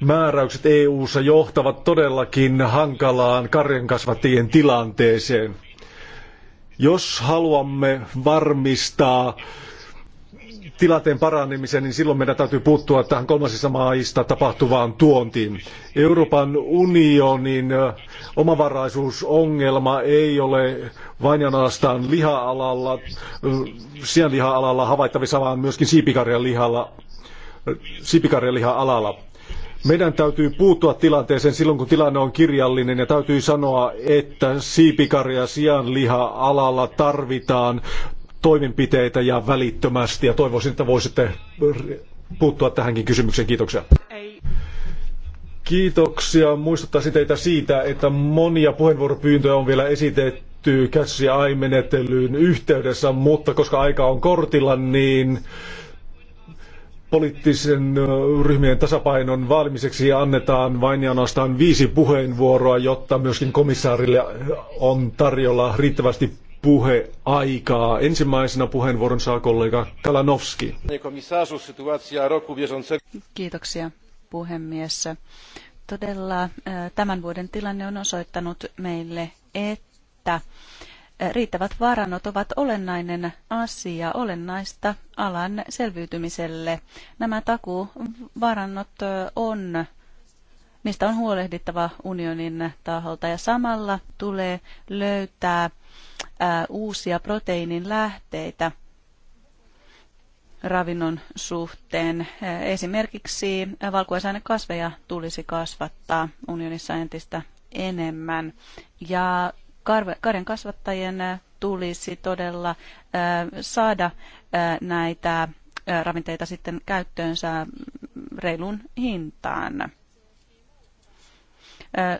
määräykset EU-ssa johtavat todellakin hankalaan karjankasvattajien tilanteeseen. Jos haluamme varmistaa tilanteen paranemisen, niin silloin meidän täytyy puuttua tähän kolmansista maista tapahtuvaan tuontiin. Euroopan unionin omavaraisuusongelma ei ole vain ja ainoastaan liha-alalla, sianliha-alalla havaittavissa, vaan myöskin siipikarjan siipikarjan liha-alalla. Meidän täytyy puuttua tilanteeseen silloin, kun tilanne on kirjallinen ja täytyy sanoa, että siipikarja sianliha-alalla tarvitaan toimenpiteitä ja välittömästi ja toivoisin, että voisitte puuttua tähänkin kysymykseen. Kiitoksia. Kiitoksia. Muistuttaisin teitä siitä, että monia puheenvuoropyyntöjä on vielä esitetty liittyy catch menettelyyn yhteydessä, mutta koska aika on kortilla, niin poliittisen ryhmien tasapainon valmiseksi annetaan vain ja ainoastaan viisi puheenvuoroa, jotta myöskin komissaarille on tarjolla riittävästi puheaikaa. Ensimmäisenä puheenvuoron saa kollega Kalanowski. Kiitoksia puhemies. Todella tämän vuoden tilanne on osoittanut meille, että että riittävät varannot ovat olennainen asia, olennaista alan selviytymiselle. Nämä takuvarannot on, niistä on huolehdittava unionin taholta ja samalla tulee löytää uusia proteiinin lähteitä ravinnon suhteen. Esimerkiksi kasveja tulisi kasvattaa unionissa entistä enemmän. Ja karjan kasvattajien äh, tulisi todella äh, saada äh, näitä ravinteita sitten käyttöönsä reilun hintaan.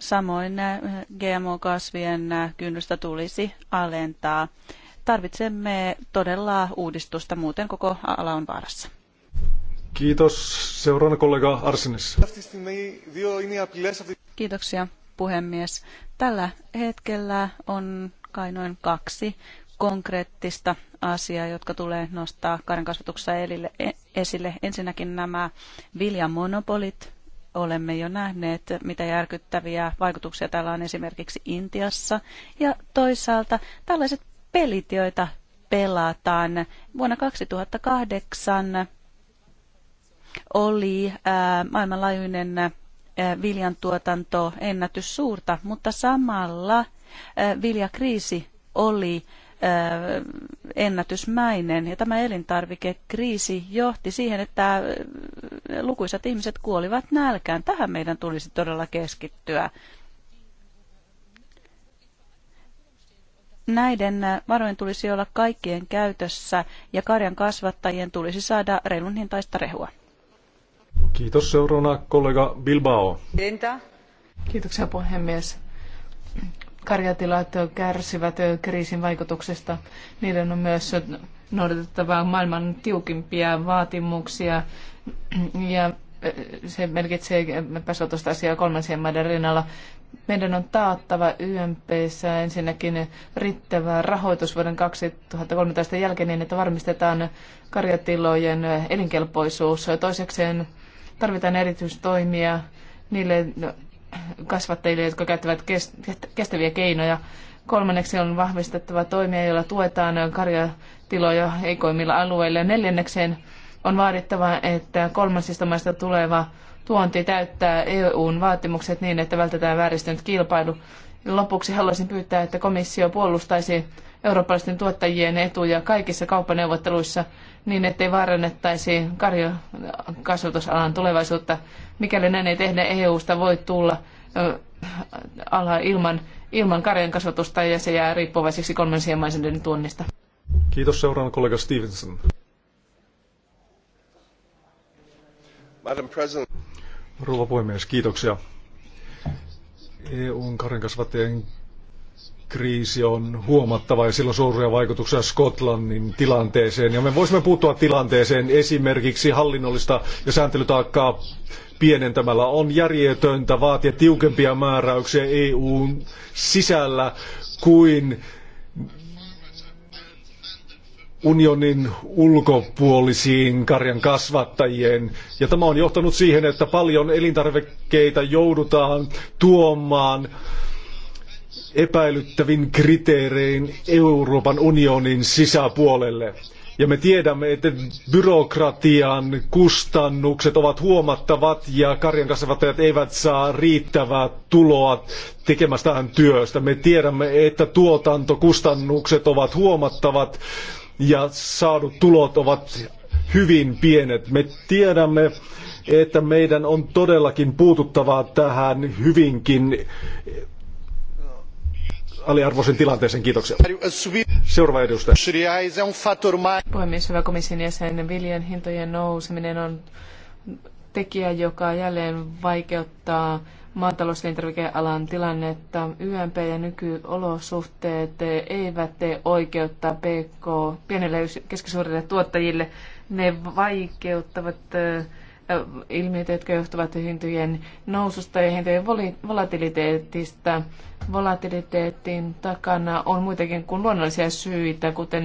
Samoin GMO-kasvien kynnystä tulisi alentaa. Tarvitsemme todella uudistusta, muuten koko ala on vaarassa. Kiitos. Seuraavana kollega Arsinis. Kiitoksia puhemies. Tällä hetkellä on kai noin kaksi konkreettista asiaa, jotka tulee nostaa karjan kasvatuksessa e, esille. Ensinnäkin nämä viljamonopolit. Olemme jo nähneet, mitä järkyttäviä vaikutuksia täällä on esimerkiksi Intiassa. Ja toisaalta tällaiset pelit, joita pelataan. Vuonna 2008 oli maailmanlaajuinen viljantuotanto ennätys suurta, mutta samalla viljakriisi oli ennätysmäinen. Ja tämä elintarvikekriisi johti siihen, että lukuisat ihmiset kuolivat nälkään. Tähän meidän tulisi todella keskittyä. Näiden varojen tulisi olla kaikkien käytössä ja karjan kasvattajien tulisi saada reilun hintaista rehua. Kiitos seurana kollega Bilbao. Entä? Kiitoksia puhemies. Karjatilat kärsivät kriisin vaikutuksesta. Niiden on myös noudatettava maailman tiukimpia vaatimuksia ja se merkitsee epäsuotuista asiaa kolmansien maiden rinnalla. Meidän on taattava YMPssä ensinnäkin riittävä rahoitus vuoden 2013 jälkeen niin, että varmistetaan karjatilojen elinkelpoisuus. Toisekseen tarvitaan erityistoimia niille kasvattajille, jotka käyttävät kestäviä keinoja. Kolmanneksi on vahvistettava toimia, joilla tuetaan karjatiloja heikoimmilla alueilla. Neljännekseen on vaadittava, että kolmansista maista tuleva tuonti täyttää EUn vaatimukset niin, että vältetään vääristynyt kilpailu. Lopuksi haluaisin pyytää, että komissio puolustaisi eurooppalaisten tuottajien etuja kaikissa kauppaneuvotteluissa niin, ettei vaarannettaisi karjakasvatusalan tulevaisuutta. Mikäli näin ei tehdä, EUsta voi tulla ala ilman, ilman karjan kasvatusta ja se jää riippuvaiseksi kolmansien maiden tuonnista. Kiitos seuraavan kollega Stevenson. Madam President. Rouva puhemies, kiitoksia. EUn karjankasvattajien kriisi on huomattava ja sillä on suuria vaikutuksia Skotlannin tilanteeseen. Ja me voisimme puuttua tilanteeseen esimerkiksi hallinnollista ja sääntelytaakkaa pienentämällä. On järjetöntä vaatia tiukempia määräyksiä EUn sisällä kuin unionin ulkopuolisiin karjan kasvattajien. Ja tämä on johtanut siihen, että paljon elintarvikkeita joudutaan tuomaan epäilyttävin kriteerein Euroopan unionin sisäpuolelle. Ja me tiedämme, että byrokratian kustannukset ovat huomattavat ja karjankasvattajat eivät saa riittävää tuloa tekemästään työstä. Me tiedämme, että tuotantokustannukset ovat huomattavat ja saadut tulot ovat hyvin pienet. Me tiedämme, että meidän on todellakin puututtava tähän hyvinkin aliarvoisen tilanteeseen. Kiitoksia. Seuraava edustaja. Puhemies, hyvä komission jäsen. Viljan hintojen nouseminen on tekijä, joka jälleen vaikeuttaa maatalouselintarvikealan tilannetta. YMP ja nykyolosuhteet eivät tee oikeutta PK, pienille ja keskisuurille tuottajille. Ne vaikeuttavat ilmiöt, jotka johtuvat hintojen noususta ja hintojen volatiliteetista. Volatiliteetin takana on muitakin kuin luonnollisia syitä, kuten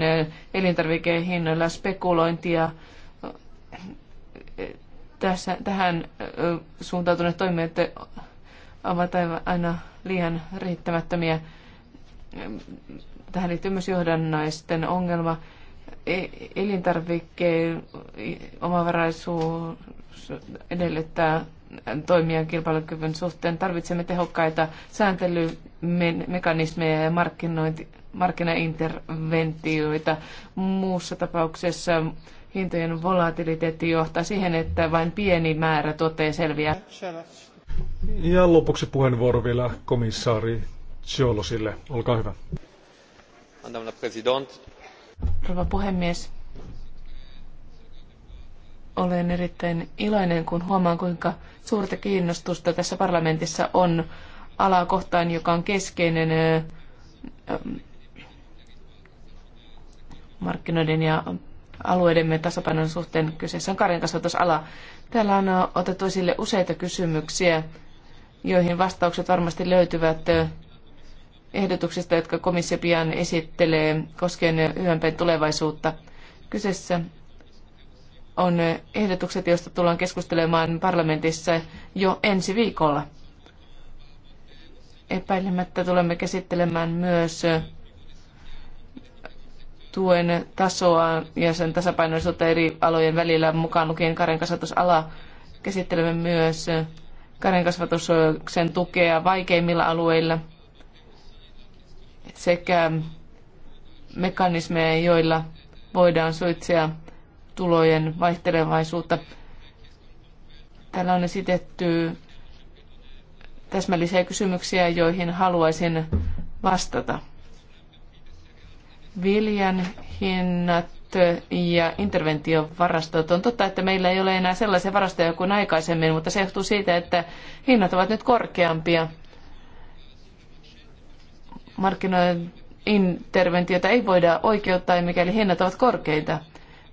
elintarvikehinnoilla spekulointia. Tässä, tähän suuntautuneet toimijat ovat aina liian riittämättömiä. Tähän liittyy myös johdannaisten ongelma E- elintarvikkeen omavaraisuus edellyttää toimia kilpailukyvyn suhteen. Tarvitsemme tehokkaita sääntelymekanismeja ja markkinointi, markkinainterventioita. Muussa tapauksessa hintojen volatiliteetti johtaa siihen, että vain pieni määrä tuotteja selviää. Ja lopuksi puheenvuoro vielä komissaari Ciolosille. Olkaa hyvä. Madame la présidente, Rouva puhemies, olen erittäin iloinen, kun huomaan, kuinka suurta kiinnostusta tässä parlamentissa on alaa kohtaan, joka on keskeinen markkinoiden ja alueidemme tasapainon suhteen. Kyseessä on karjankasvatusala. Täällä on otettu esille useita kysymyksiä, joihin vastaukset varmasti löytyvät ehdotuksista, jotka komissio pian esittelee koskien YMPn tulevaisuutta. Kyseessä on ehdotukset, joista tullaan keskustelemaan parlamentissa jo ensi viikolla. Epäilemättä tulemme käsittelemään myös tuen tasoa ja sen tasapainoisuutta eri alojen välillä mukaan lukien karen Käsittelemme myös karen tukea vaikeimmilla alueilla – sekä mekanismeja, joilla voidaan suitsia tulojen vaihtelevaisuutta. Täällä on esitetty täsmällisiä kysymyksiä, joihin haluaisin vastata. Viljan hinnat ja interventiovarastot. On totta, että meillä ei ole enää sellaisia varastoja kuin aikaisemmin, mutta se johtuu siitä, että hinnat ovat nyt korkeampia markkinoiden interventiota ei voida oikeuttaa, mikäli hinnat ovat korkeita.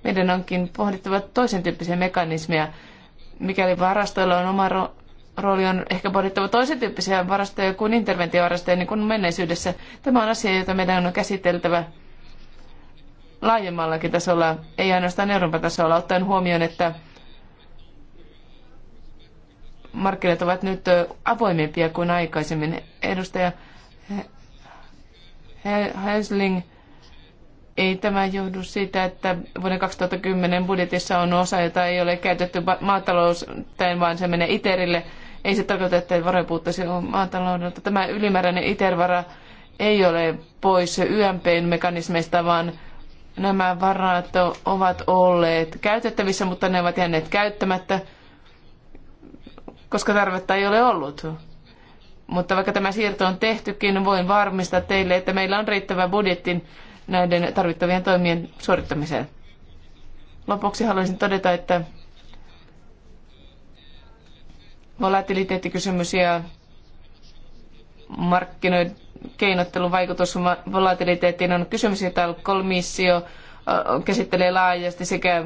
Meidän onkin pohdittava toisen tyyppisiä mekanismeja. Mikäli varastoilla on oma ro- rooli, on ehkä pohdittava toisen tyyppisiä varastoja kuin interventiovarastoja, niin kuin menneisyydessä. Tämä on asia, jota meidän on käsiteltävä laajemmallakin tasolla, ei ainoastaan Euroopan tasolla, ottaen huomioon, että markkinat ovat nyt avoimempia kuin aikaisemmin. Edustaja Häsling, ei tämä johdu siitä, että vuoden 2010 budjetissa on osa, jota ei ole käytetty maatalouteen, vaan se menee ITERille. Ei se tarkoita, että varoja puuttuisi maataloudelta. Tämä ylimääräinen ITER-vara ei ole pois YMPn mekanismeista, vaan nämä varat ovat olleet käytettävissä, mutta ne ovat jääneet käyttämättä, koska tarvetta ei ole ollut. Mutta vaikka tämä siirto on tehtykin, voin varmistaa teille, että meillä on riittävä budjetti näiden tarvittavien toimien suorittamiseen. Lopuksi haluaisin todeta, että volatiliteettikysymys ja markkinoiden keinottelun vaikutus volatiliteettiin on kysymys, jota komissio äh, käsittelee laajasti sekä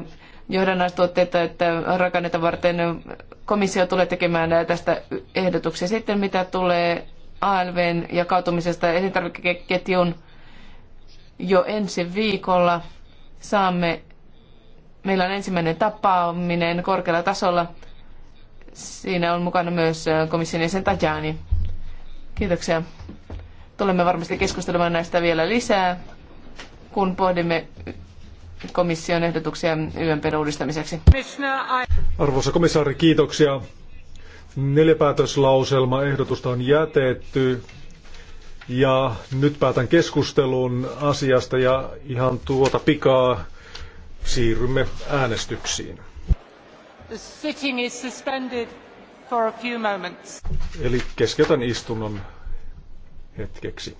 johdannaistuotteita että rakennetta varten komissio tulee tekemään tästä ehdotuksia. Sitten mitä tulee ALVn ja kautumisesta elintarvikeketjun jo ensi viikolla saamme, meillä on ensimmäinen tapaaminen korkealla tasolla. Siinä on mukana myös komission jäsen Tajani. Kiitoksia. Tulemme varmasti keskustelemaan näistä vielä lisää, kun pohdimme komission ehdotuksia YMPn uudistamiseksi. Arvoisa komissaari, kiitoksia. Neljä päätöslauselma ehdotusta on jätetty. Ja nyt päätän keskustelun asiasta ja ihan tuota pikaa siirrymme äänestyksiin. Eli keskeytän istunnon hetkeksi.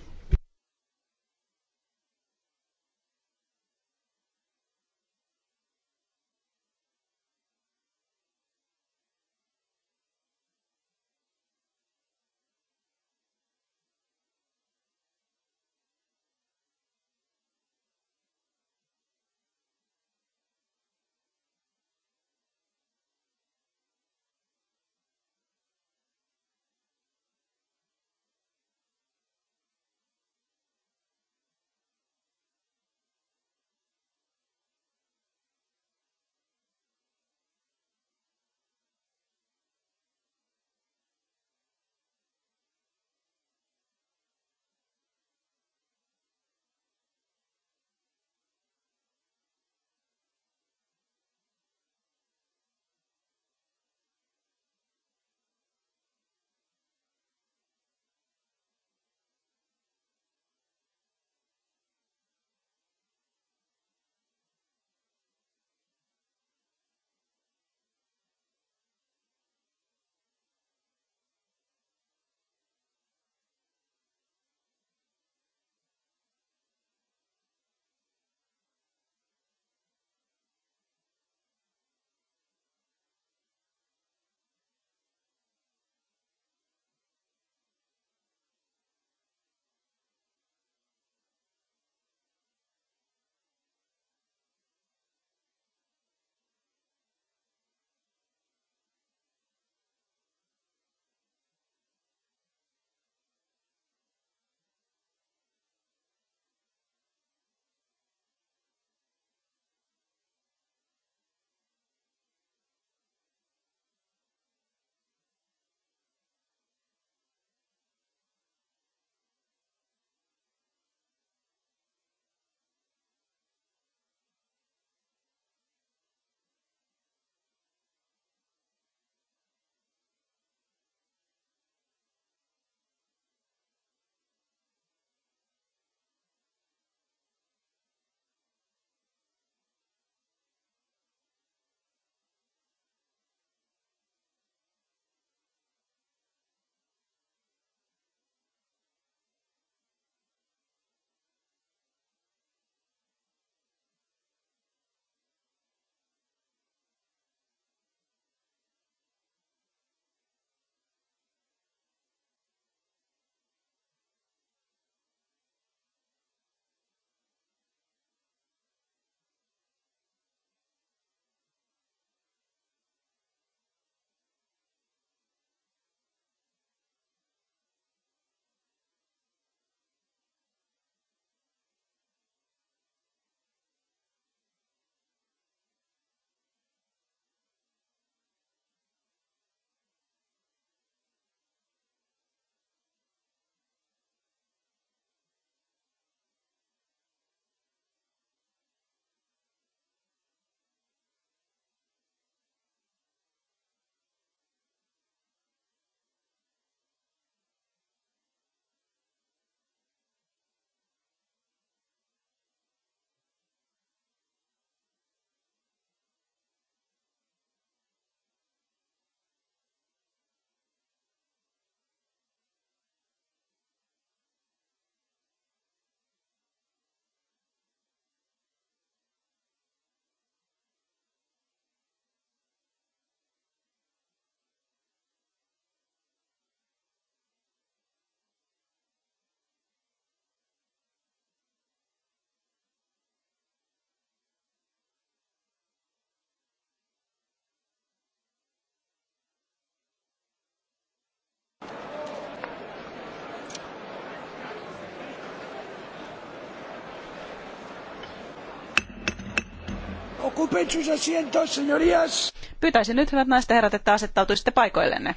Ocupen sus asientos, señorías. Pyytäisin nyt, hyvät naiset ja herrat, että asettautuisitte paikoillenne.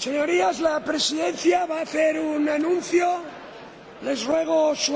Señorías, la presidencia va a hacer un anuncio. Les ruego su